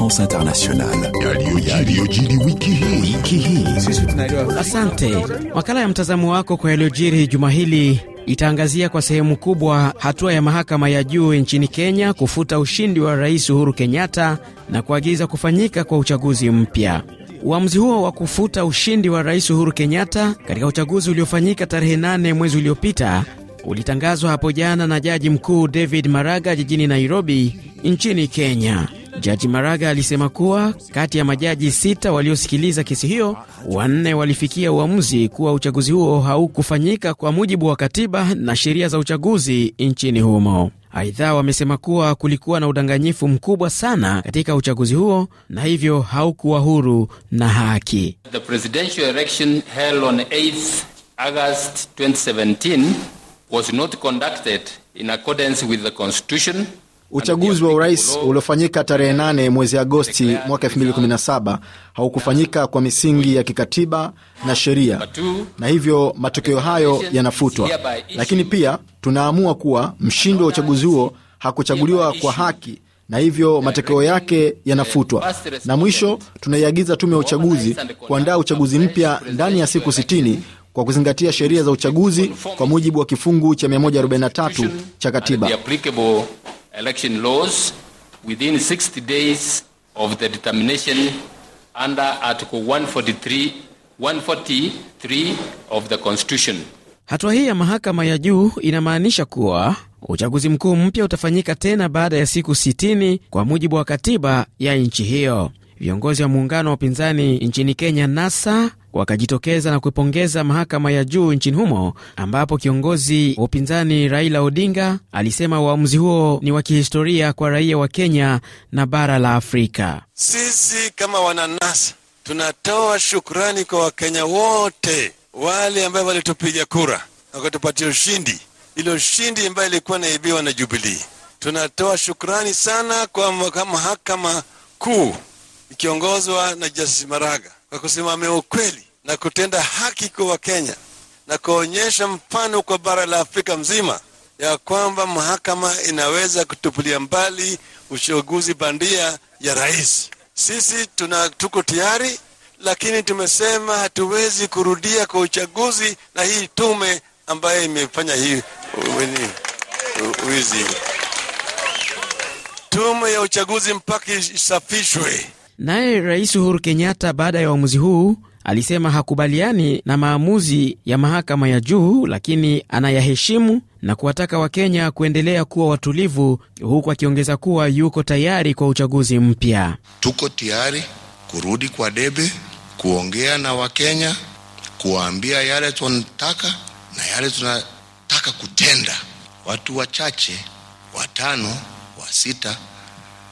France Internationale wiki hii. Wiki hii. Asante. Makala ya mtazamo wako kwa yaliyojiri juma hili itaangazia kwa sehemu kubwa hatua ya mahakama ya juu nchini Kenya kufuta ushindi wa Rais Uhuru Kenyatta na kuagiza kufanyika kwa uchaguzi mpya. Uamuzi huo wa kufuta ushindi wa Rais Uhuru Kenyatta katika uchaguzi uliofanyika tarehe nane mwezi uliopita ulitangazwa hapo jana na Jaji Mkuu David Maraga jijini Nairobi nchini Kenya. Jaji Maraga alisema kuwa kati ya majaji sita waliosikiliza kesi hiyo, wanne walifikia uamuzi kuwa uchaguzi huo haukufanyika kwa mujibu wa katiba na sheria za uchaguzi nchini humo. Aidha, wamesema kuwa kulikuwa na udanganyifu mkubwa sana katika uchaguzi huo na hivyo haukuwa huru na haki. The presidential election held on 8th August 2017 was not conducted in accordance with the constitution Uchaguzi wa urais uliofanyika tarehe nane mwezi Agosti mwaka 2017 haukufanyika kwa misingi ya kikatiba na sheria, na hivyo matokeo hayo yanafutwa. Lakini pia tunaamua kuwa mshindi wa uchaguzi huo hakuchaguliwa kwa haki na hivyo matokeo yake yanafutwa. Na mwisho, tunaiagiza tume ya uchaguzi kuandaa uchaguzi mpya ndani ya siku 60 kwa kuzingatia sheria za uchaguzi kwa mujibu wa kifungu cha 143 cha katiba election laws within 60 days of the determination under Article 143, 143 of the Constitution. Hatua hii ya mahakama ya juu inamaanisha kuwa uchaguzi mkuu mpya utafanyika tena baada ya siku 60 kwa mujibu wa katiba ya nchi hiyo viongozi wa muungano wa upinzani nchini Kenya, NASA, wakajitokeza na kuipongeza mahakama ya juu nchini humo, ambapo kiongozi wa upinzani Raila Odinga alisema uamuzi huo ni wa kihistoria kwa raia wa Kenya na bara la Afrika. Sisi kama wana nasa tunatoa shukrani kwa Wakenya wote wale ambayo walitupiga kura wakatupatia ushindi, ilo ushindi ambayo ilikuwa naibiwa na Jubilii. Tunatoa shukrani sana kwa mahakama kuu ikiongozwa na Justice Maraga kwa kusimamia ukweli na kutenda haki kwa Wakenya na kuonyesha mfano kwa bara la Afrika mzima ya kwamba mahakama inaweza kutupilia mbali uchaguzi bandia ya rais. Sisi tuna tuko tayari, lakini tumesema hatuwezi kurudia kwa uchaguzi na hii tume ambayo imefanya hii wizi. Tume ya uchaguzi mpaka isafishwe. Naye Rais Uhuru Kenyatta baada ya uamuzi huu alisema hakubaliani na maamuzi ya mahakama ya juu, lakini anayaheshimu na kuwataka Wakenya kuendelea kuwa watulivu, huku akiongeza kuwa yuko tayari kwa uchaguzi mpya. Tuko tayari kurudi kwa debe, kuongea na Wakenya, kuwaambia yale tunataka na yale tunataka kutenda. Watu wachache watano wa sita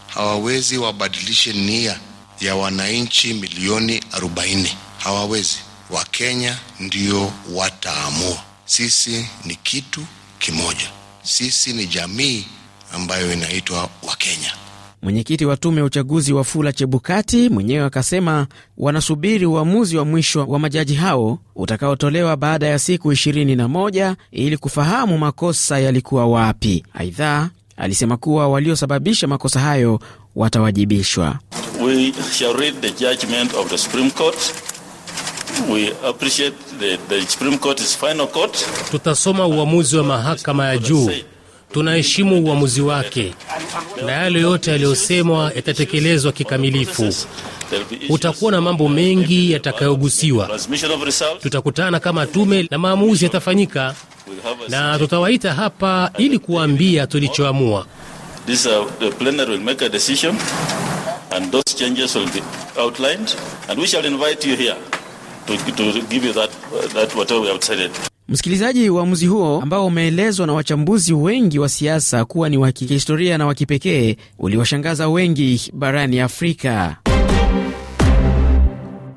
hawawezi wabadilishe nia ya wananchi milioni 40. Hawawezi. Wakenya ndio wataamua. Sisi ni kitu kimoja, sisi ni jamii ambayo inaitwa Wakenya. Mwenyekiti wa tume ya uchaguzi wa fula Chebukati mwenyewe akasema wanasubiri uamuzi wa mwisho wa majaji hao utakaotolewa baada ya siku 21 ili kufahamu makosa yalikuwa wapi. Aidha, alisema kuwa waliosababisha makosa hayo watawajibishwa. We shall read the judgment of the Supreme Court. We appreciate the, the Supreme Court is final court. Tutasoma uamuzi wa mahakama ya juu, tunaheshimu uamuzi wake, na yale yote yaliyosemwa yatatekelezwa kikamilifu. Utakuwa na mambo mengi yatakayogusiwa. Tutakutana kama tume na maamuzi yatafanyika, na tutawaita hapa ili kuwaambia tulichoamua. This, uh, the plenary will make a decision, and those changes will be outlined, and we shall invite you here to, to give you that, that whatever we have decided. Msikilizaji, uamuzi huo ambao umeelezwa na wachambuzi wengi wa siasa kuwa ni wa kihistoria na wa kipekee uliwashangaza wengi barani Afrika.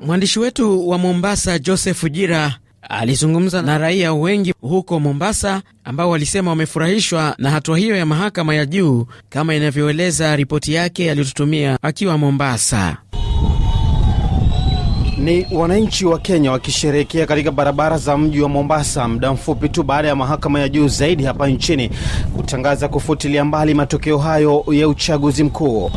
Mwandishi wetu wa Mombasa Joseph Jira Alizungumza na raia wengi huko Mombasa ambao walisema wamefurahishwa na hatua hiyo ya mahakama ya juu kama inavyoeleza ripoti yake aliyotutumia akiwa Mombasa. Ni wananchi wa Kenya wakisherehekea katika barabara za mji wa Mombasa muda mfupi tu baada ya mahakama ya juu zaidi hapa nchini kutangaza kufutilia mbali matokeo hayo ya uchaguzi mkuu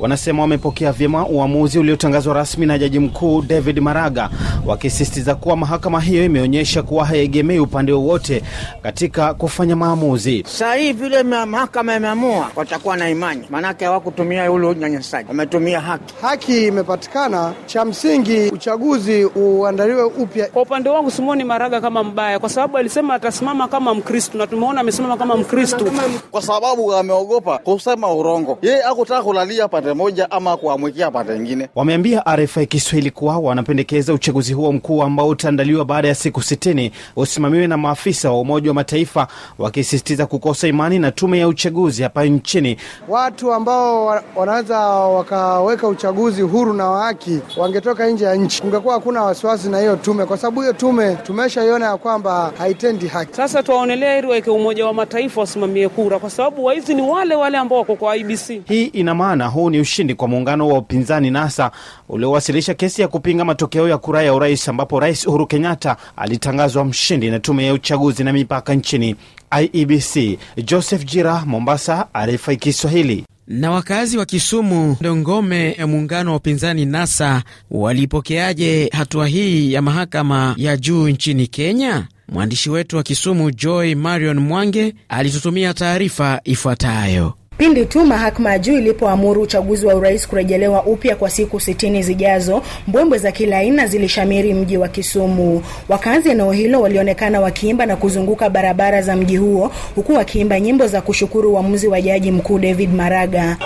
wanasema wamepokea vyema uamuzi uliotangazwa rasmi na jaji mkuu David Maraga, wakisistiza kuwa mahakama hiyo imeonyesha kuwa haiegemei upande wowote katika kufanya maamuzi. Saa hii vile mahakama imeamua, watakuwa na imani, maanake hawakutumia ulu nyanyasaji wametumia haki. Haki imepatikana, cha msingi uchaguzi uandaliwe upya. Kwa upande wangu simwoni Maraga kama mbaya, kwa sababu alisema atasimama kama Mkristu na tumeona amesimama kama Mkristu kwa sababu ameogopa kusema urongo. Yeye akutaka kulalia pande pande moja ama kuamwekea pande nyingine. Wameambia RFI Kiswahili kuwa wanapendekeza uchaguzi huo mkuu ambao utaandaliwa baada ya siku sitini usimamiwe na maafisa wa Umoja wa Mataifa, wakisisitiza kukosa imani na tume ya uchaguzi hapa nchini. Watu ambao wanaweza wakaweka uchaguzi huru na waaki wangetoka nje ya nchi, kungekuwa hakuna wasiwasi na hiyo tume, kwa sababu hiyo tume tumeshaiona ya kwamba haitendi haki. Sasa tuwaonelea ili waweke Umoja wa Mataifa wasimamie kura, kwa sababu waizi ni wale wale ambao wako kwa IBC. Hii ina maana huu ni ni ushindi kwa muungano wa upinzani NASA uliowasilisha kesi ya kupinga matokeo ya kura ya urais, ambapo Rais Uhuru Kenyatta alitangazwa mshindi na tume ya uchaguzi na mipaka nchini IEBC. Joseph Jira, Mombasa, RFI Kiswahili. Na wakazi wa Kisumu, ngome ya muungano wa upinzani NASA, walipokeaje hatua hii ya mahakama ya juu nchini Kenya? Mwandishi wetu wa Kisumu Joy Marion Mwange alitutumia taarifa ifuatayo. Pindi tu mahakama ya juu ilipoamuru uchaguzi wa urais kurejelewa upya kwa siku sitini zijazo, mbwembwe za kila aina zilishamiri mji wa Kisumu. Wakazi eneo hilo walionekana wakiimba na kuzunguka barabara za mji huo, huku wakiimba nyimbo za kushukuru uamuzi wa jaji mkuu David Maraga.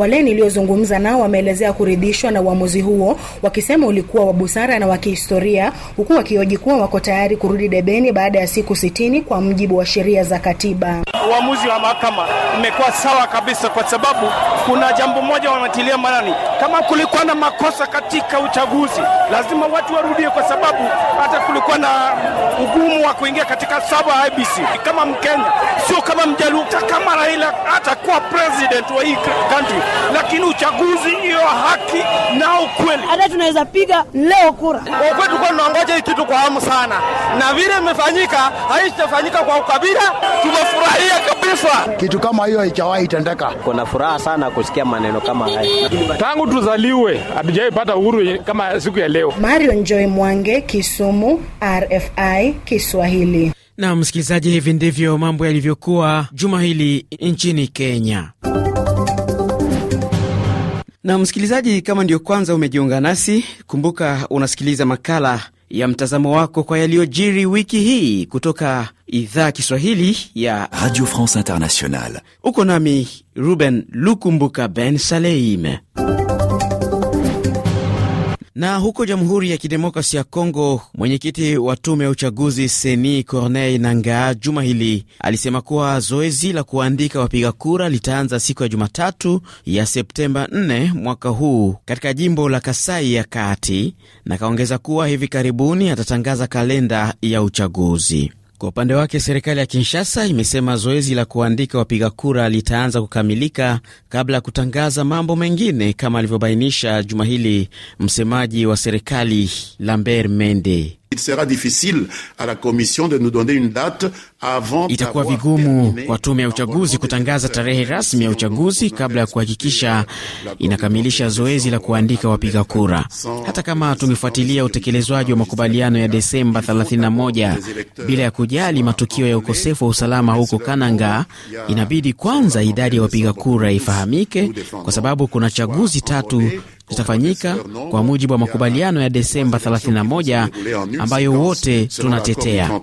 Wale niliozungumza nao wameelezea kuridhishwa na uamuzi huo, wakisema ulikuwa wa busara na wa kihistoria, huku wakioji kuwa wako tayari kurudi debeni baada ya siku sitini kwa mujibu wa sheria za katiba. Uamuzi wa mahakama umekuwa sawa kabisa, kwa sababu kuna jambo moja wanatilia maanani. Kama kulikuwa na makosa katika uchaguzi, lazima watu warudie, kwa sababu kwanza kulikuwa na ugumu wa kuingia katika saba IBC kama Mkenya, sio kama Mjaluo. Hata kama Raila atakuwa president wa hii country, lakini uchaguzi hiyo haki na ukweli, hata tunaweza piga leo kura. Kwa kweli tulikuwa tunaongoja hii kitu kwa hamu sana, na vile imefanyika haitafanyika kwa ukabila. Tumefurahia kabisa. Kitu kama hiyo haijawahi tendeka. Kuna furaha sana kusikia maneno kama haya. Tangu tuzaliwe pata uhuru kama siku ya leo. Mario Njoi Mwange, Kisumu, RFI Kiswahili. Na msikilizaji, hivi ndivyo mambo yalivyokuwa juma hili nchini Kenya. Na msikilizaji, kama ndiyo kwanza umejiunga nasi, kumbuka unasikiliza makala ya mtazamo wako kwa yaliyojiri wiki hii kutoka idhaa Kiswahili ya Radio France Internationale. Uko nami Ruben Lukumbuka Ben Saleim. Na huko Jamhuri ya Kidemokrasi ya Kongo, mwenyekiti wa tume ya uchaguzi Seni Corneille Nangaa juma hili alisema kuwa zoezi la kuandika wapiga kura litaanza siku ya Jumatatu ya Septemba 4 mwaka huu katika jimbo la Kasai ya Kati, na kaongeza kuwa hivi karibuni atatangaza kalenda ya uchaguzi. Kwa upande wake, serikali ya Kinshasa imesema zoezi la kuandika wapiga kura litaanza kukamilika kabla ya kutangaza mambo mengine, kama alivyobainisha juma hili msemaji wa serikali Lambert Mende. Il sera difficile à la commission de nous donner une date avant. Itakuwa vigumu kwa tume ya uchaguzi kutangaza tarehe rasmi ya uchaguzi kabla ya kuhakikisha inakamilisha zoezi la kuandika wapiga kura. Hata kama tumefuatilia utekelezwaji wa makubaliano ya Desemba 31 bila ya kujali matukio ya ukosefu wa usalama huko Kananga, inabidi kwanza idadi ya wapiga kura ifahamike, kwa sababu kuna chaguzi tatu zitafanyika kwa mujibu wa makubaliano ya Desemba 31 ambayo wote tunatetea.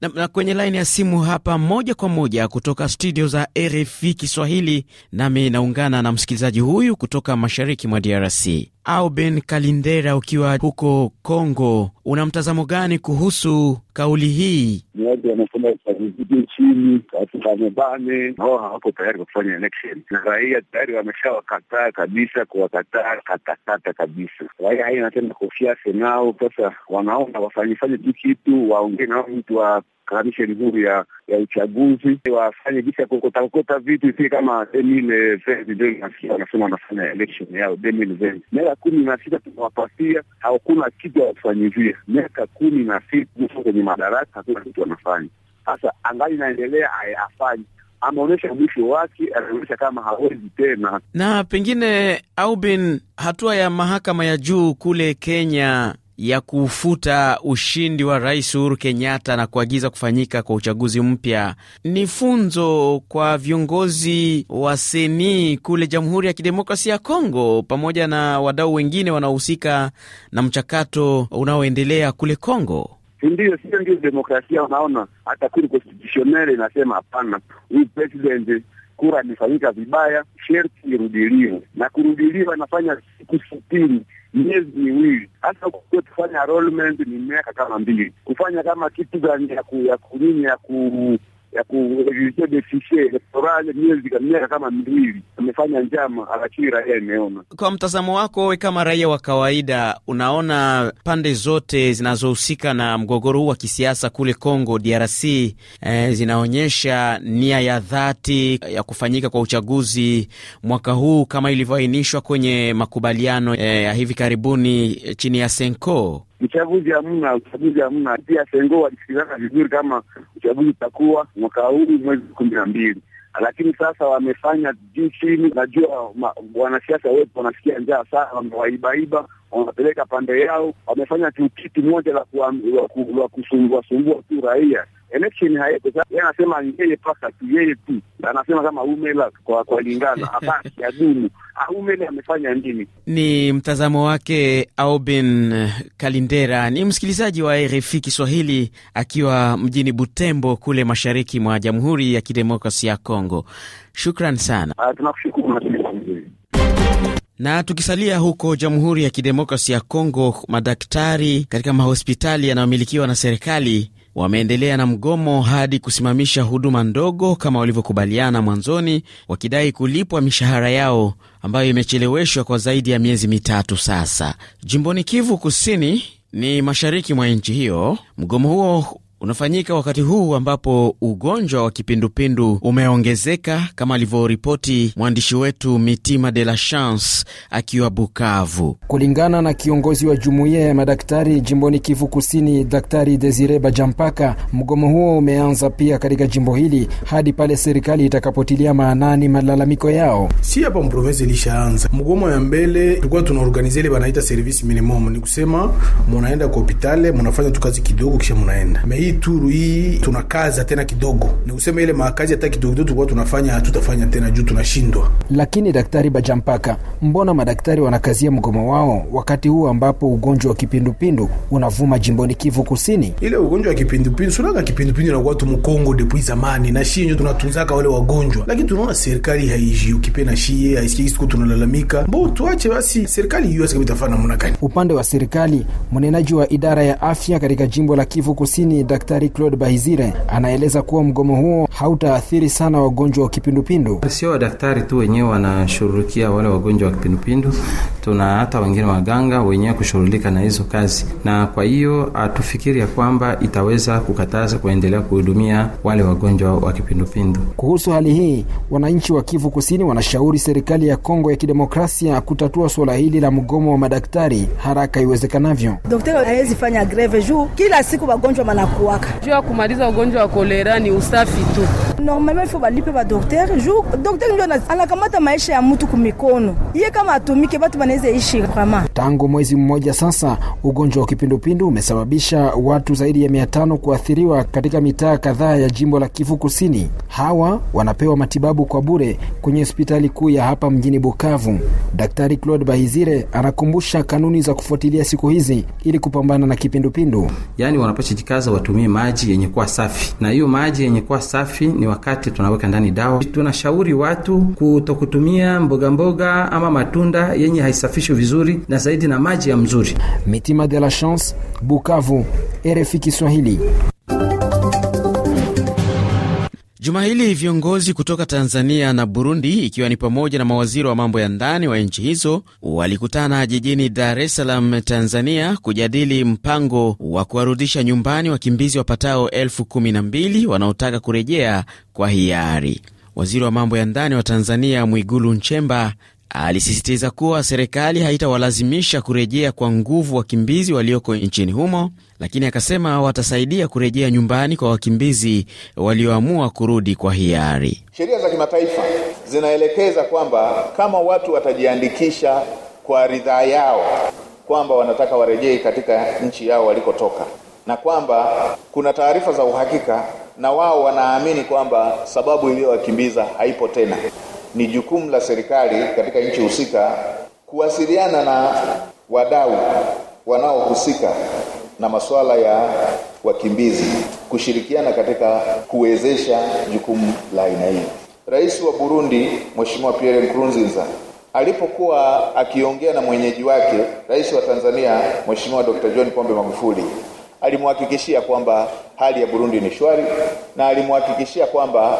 Na, na kwenye laini ya simu hapa moja kwa moja kutoka studio za RFI Kiswahili, nami naungana na msikilizaji huyu kutoka mashariki mwa DRC, Auben Kalindera, ukiwa huko Congo una mtazamo gani kuhusu kauli hii? Ni watu wanasema wazidi chini, watu hao hawako tayari kwa kufanya election, na raia tayari wamesha wakataa kabisa, kuwakataa katakata kabisa. Raia haina tena kofiase nao, sasa wanaona wafanyifanye tu kitu, waongee nao mtu wa kamisheni huru ya ya uchaguzi wafanye jinsi ya kukotakota vitu, isie kama wanasema wanafanya election yao miaka kumi na sita tunawapatia, hakuna kitu awakufanyizia miaka kumi na sita kwenye madaraka, hakuna kitu wanafanya. Sasa angali inaendelea afanye ameonyesha mwisho wake, anaonyesha kama hawezi tena. Na pengine Aubin, hatua ya mahakama ya juu kule Kenya ya kufuta ushindi wa Rais Uhuru Kenyatta na kuagiza kufanyika kwa uchaguzi mpya ni funzo kwa viongozi wa seni kule Jamhuri ya Kidemokrasia ya Kongo pamoja na wadau wengine wanaohusika na mchakato unaoendelea kule Kongo. Sindio? Sio ndio demokrasia? Unaona, hata kuri constitutionnel inasema hapana, huyu president kura imefanyika vibaya, sherti irudiliwe, na kurudiliwa inafanya siku sitini miezi miwili hasa kuwe kufanya ni miaka kama mbili, kufanya kama kitu gani ya kunini ya ku ya kuregister de elektorale miezi miezi miaka kama miwili, amefanya njama, lakini raia imeona. Kwa mtazamo wako wewe kama raia wa kawaida, unaona pande zote zinazohusika na mgogoro huu wa kisiasa kule Congo DRC eh, zinaonyesha nia ya dhati ya kufanyika kwa uchaguzi mwaka huu kama ilivyoainishwa kwenye makubaliano eh, ya eh, hivi karibuni eh, chini ya Senko? Uchaguzi hamna, uchaguzi hamna. Pia Sengo walisikizana vizuri kama uchaguzi utakuwa mwaka huu mwezi kumi na mbili, lakini sasa wamefanya juu chini. Najua wanasiasa wetu wanasikia njaa sana, wamewaibaiba wanapeleka pande yao, wamefanya tu kitu moja la kusumbua sumbua tu raia election haiko sasa. Yeye anasema yeye pasa tu yeye tu, anasema kama umela kwa kulingana hapa ya dumu aumela ah, amefanya nini? Ni mtazamo wake Aubin Kalindera, ni msikilizaji wa RFI Kiswahili akiwa mjini Butembo kule mashariki mwa Jamhuri ya Kidemokrasi ya Kongo. Shukran sana, ah, tunakushukuru na tukisalia huko Jamhuri ya Kidemokrasi ya Kongo, madaktari katika mahospitali yanayomilikiwa na serikali wameendelea na mgomo hadi kusimamisha huduma ndogo kama walivyokubaliana mwanzoni, wakidai kulipwa mishahara yao ambayo imecheleweshwa kwa zaidi ya miezi mitatu sasa. Jimboni Kivu Kusini ni mashariki mwa nchi hiyo, mgomo huo unafanyika wakati huu ambapo ugonjwa wa kipindupindu umeongezeka kama alivyoripoti mwandishi wetu Mitima de la Chance akiwa Bukavu. Kulingana na kiongozi wa jumuiya ya madaktari jimboni Kivu Kusini, Daktari Desire Bajampaka, mgomo huo umeanza pia katika jimbo hili hadi pale serikali itakapotilia maanani malalamiko yao. Si hapa mprovensi ilishaanza mgomo ya mbele, tulikuwa tunaorganize ile wanaita service minimum, ni kusema munaenda kwa hopitale munafanya tu kazi kidogo, kisha munaenda hii turu hii tuna tunakaza tena kidogo, ni kusema ile makazi hata kidogo tulikuwa tunafanya hatutafanya tena juu tunashindwa. Lakini daktari Bajampaka, mbona madaktari wanakazia mgomo wao wakati huu ambapo ugonjwa wa kipindupindu unavuma jimboni Kivu Kusini? Ile ugonjwa wa kipindupindu sunaga kipindupindu na watu mkongo depuis zamani, na shie ndio tunatunzaka wale wagonjwa, lakini tunaona serikali haiji ukipe na shie haisikii, siku tunalalamika, mbo tuache basi serikali hiyo itafanya namna gani? Upande wa serikali, mnenaji wa idara ya afya katika jimbo la Kivu Kusini Dr. Daktari Claude Bahizire anaeleza kuwa mgomo huo hautaathiri sana wagonjwa wa kipindupindu. Sio wadaktari tu wenyewe wanashughulikia wale wagonjwa wa kipindupindu, tuna hata wengine waganga wenyewe kushughulika na hizo kazi, na kwa hiyo hatufikiri ya kwamba itaweza kukataza kuendelea kuhudumia wale wagonjwa wa kipindupindu. Kuhusu hali hii, wananchi wa Kivu Kusini wanashauri serikali ya Kongo ya Kidemokrasia kutatua suala hili la mgomo wa madaktari haraka iwezekanavyo. Daktari hawezi fanya greve juu kila siku wagonjwa manaku kuwaka. Juu ya kumaliza ugonjwa wa kolera ni usafi tu normalement il faut walipe wadokteri juu dokteri ndio anakamata maisha ya mtu kumikono iye, kama atumike watu wanaweza ishi kama. Tangu mwezi mmoja sasa, ugonjwa wa kipindupindu umesababisha watu zaidi ya mia tano kuathiriwa katika mitaa kadhaa ya jimbo la Kivu Kusini. Hawa wanapewa matibabu kwa bure kwenye hospitali kuu ya hapa mjini Bukavu. Daktari Claude Bahizire anakumbusha kanuni za kufuatilia siku hizi ili kupambana na kipindupindu. Yani, wanapashijikaza watumie maji yenye kuwa safi, na hiyo maji yenye kuwa safi ni wakati tunaweka ndani dawa. Tunashauri watu kutokutumia mbogamboga ama matunda yenye haisafishi vizuri na zaidi na maji ya mzuri. Mitima de la Chance, Bukavu, RFI Kiswahili. Juma hili viongozi kutoka Tanzania na Burundi, ikiwa ni pamoja na mawaziri wa mambo ya ndani wa nchi hizo, walikutana jijini Dar es Salaam, Tanzania, kujadili mpango wa kuwarudisha nyumbani wakimbizi wapatao elfu kumi na mbili wanaotaka kurejea kwa hiari. Waziri wa mambo ya ndani wa Tanzania Mwigulu Nchemba Alisisitiza kuwa serikali haitawalazimisha kurejea kwa nguvu wakimbizi walioko nchini humo, lakini akasema watasaidia kurejea nyumbani kwa wakimbizi walioamua kurudi kwa hiari. Sheria za kimataifa zinaelekeza kwamba kama watu watajiandikisha kwa ridhaa yao kwamba wanataka warejee katika nchi yao walikotoka, na kwamba kuna taarifa za uhakika, na wao wanaamini kwamba sababu iliyowakimbiza haipo tena ni jukumu la serikali katika nchi husika kuwasiliana na wadau wanaohusika na masuala ya wakimbizi kushirikiana katika kuwezesha jukumu la aina hii. Rais wa Burundi Mheshimiwa Pierre Nkurunziza alipokuwa akiongea na mwenyeji wake Rais wa Tanzania Mheshimiwa Dr. John Pombe Magufuli alimhakikishia kwamba hali ya Burundi ni shwari na alimhakikishia kwamba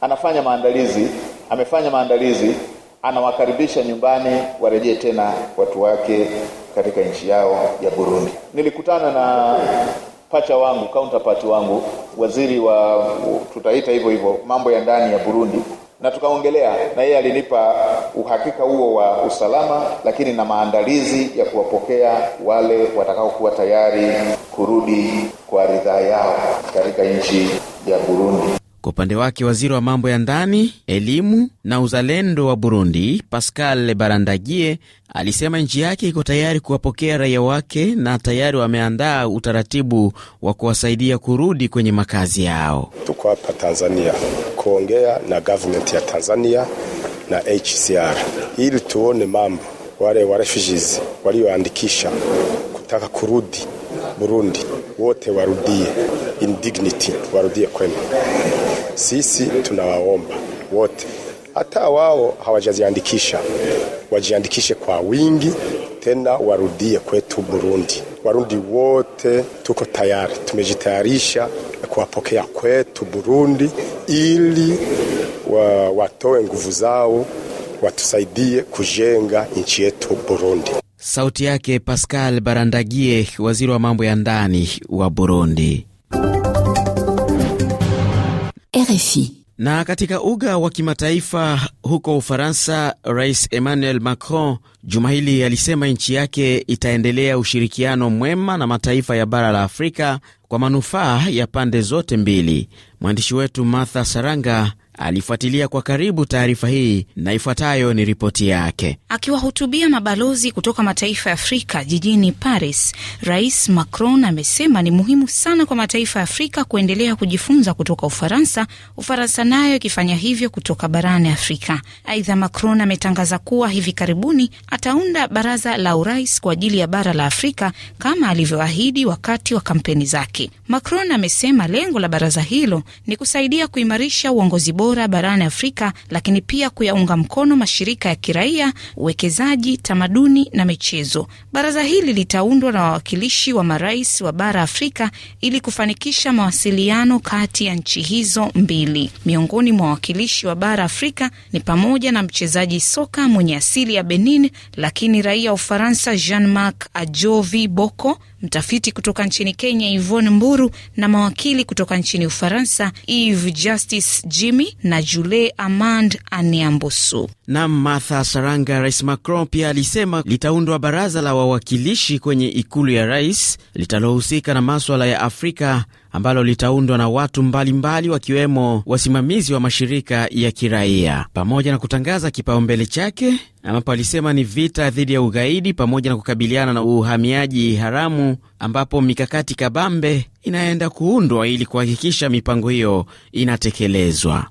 anafanya maandalizi amefanya maandalizi anawakaribisha nyumbani warejee tena watu wake katika nchi yao ya Burundi. Nilikutana na pacha wangu counterpart wangu waziri wa tutaita hivyo hivyo mambo ya ndani ya Burundi na tukaongelea na yeye alinipa uhakika huo wa usalama, lakini na maandalizi ya kuwapokea wale watakaokuwa tayari kurudi kwa ridhaa yao katika nchi ya Burundi. Kwa upande wake waziri wa mambo ya ndani, elimu na uzalendo wa Burundi, Pascal Barandagie, alisema nchi yake iko tayari kuwapokea raia wake na tayari wameandaa utaratibu wa kuwasaidia kurudi kwenye makazi yao. Tuko hapa Tanzania kuongea na government ya Tanzania na HCR ili tuone mambo wale wa walioandikisha kutaka kurudi Burundi wote warudie in dignity, warudie kwema. Sisi tunawaomba wote, hata wao hawajaziandikisha, wajiandikishe kwa wingi, tena warudie kwetu Burundi. Warundi wote tuko tayari, tumejitayarisha kuwapokea kwetu Burundi ili wa, watoe nguvu zao watusaidie kujenga nchi yetu Burundi. Sauti yake Pascal Barandagie, waziri wa mambo ya ndani wa Burundi. RFI. Na katika uga wa kimataifa huko Ufaransa, Rais Emmanuel Macron juma hili alisema nchi yake itaendelea ushirikiano mwema na mataifa ya bara la Afrika kwa manufaa ya pande zote mbili. Mwandishi wetu Martha Saranga alifuatilia kwa karibu taarifa hii na ifuatayo ni ripoti yake. Akiwahutubia mabalozi kutoka mataifa ya Afrika jijini Paris, Rais Macron amesema ni muhimu sana kwa mataifa ya Afrika kuendelea kujifunza kutoka Ufaransa, Ufaransa nayo ikifanya hivyo kutoka barani Afrika. Aidha, Macron ametangaza kuwa hivi karibuni ataunda baraza la urais kwa ajili ya bara la Afrika kama alivyoahidi wakati wa kampeni zake. Macron amesema lengo la baraza hilo ni kusaidia kuimarisha uongozi bora barani Afrika, lakini pia kuyaunga mkono mashirika ya kiraia, uwekezaji, tamaduni na michezo. Baraza hili litaundwa na wawakilishi wa marais wa bara Afrika ili kufanikisha mawasiliano kati ya nchi hizo mbili. Miongoni mwa wawakilishi wa bara Afrika ni pamoja na mchezaji soka mwenye asili ya Benin lakini raia wa Ufaransa Jean Marc Ajovi Boko, mtafiti kutoka nchini Kenya Yvonne Mburu huru na mawakili kutoka nchini Ufaransa, Eve Justice Jimmy na Jule Amand Aniambosu. Nam Martha Saranga. Rais Macron pia alisema litaundwa baraza la wawakilishi kwenye ikulu ya rais litalohusika na maswala ya Afrika ambalo litaundwa na watu mbalimbali wakiwemo wasimamizi wa mashirika ya kiraia pamoja na kutangaza kipaumbele chake ambapo alisema ni vita dhidi ya ugaidi pamoja na kukabiliana na uhamiaji haramu, ambapo mikakati kabambe inaenda kuundwa ili kuhakikisha mipango hiyo inatekelezwa.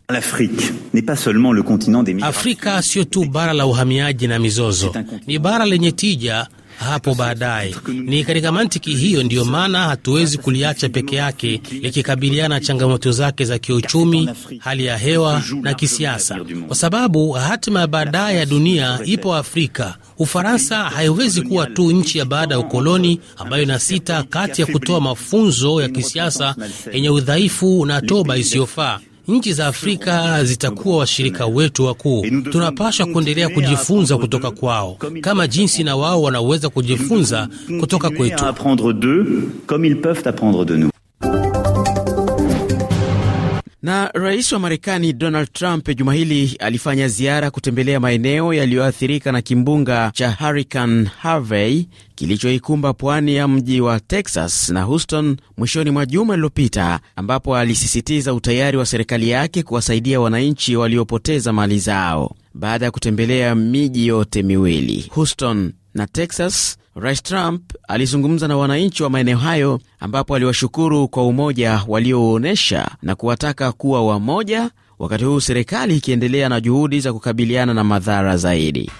Afrika sio tu bara la uhamiaji na mizozo, ni bara lenye tija hapo baadaye. Ni katika mantiki hiyo ndiyo maana hatuwezi kuliacha peke yake likikabiliana na changamoto zake za kiuchumi, hali ya hewa na kisiasa, kwa sababu hatima ya baadaye ya dunia ipo Afrika. Ufaransa haiwezi kuwa tu nchi ya baada ya ukoloni ambayo inasita kati ya kutoa mafunzo ya kisiasa yenye udhaifu na toba isiyofaa Nchi za Afrika zitakuwa washirika wetu wakuu. tunapashwa kuendelea kujifunza kutoka kwao kama jinsi na wao wanaweza kujifunza kutoka kwetu. Na rais wa Marekani Donald Trump juma hili alifanya ziara kutembelea maeneo yaliyoathirika na kimbunga cha Hurricane Harvey kilichoikumba pwani ya mji wa Texas na Houston mwishoni mwa juma lililopita, ambapo alisisitiza utayari wa serikali yake kuwasaidia wananchi waliopoteza mali zao baada ya kutembelea miji yote miwili Houston na Texas, Rais Trump alizungumza na wananchi wa maeneo hayo ambapo aliwashukuru kwa umoja waliouonyesha na kuwataka kuwa wamoja wakati huu serikali ikiendelea na juhudi za kukabiliana na madhara zaidi.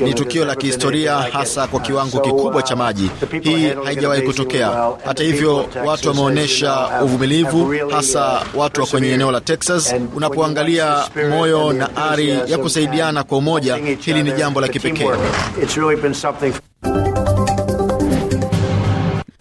Ni tukio la kihistoria hasa kwa kiwango kikubwa uh, cha maji. Hii haijawahi kutokea. Hata hivyo, watu wameonyesha uh, uvumilivu, uh, hasa watu wa kwenye eneo la Texas. Unapoangalia moyo na ari ya kusaidiana kwa umoja, hili ni jambo la kipekee.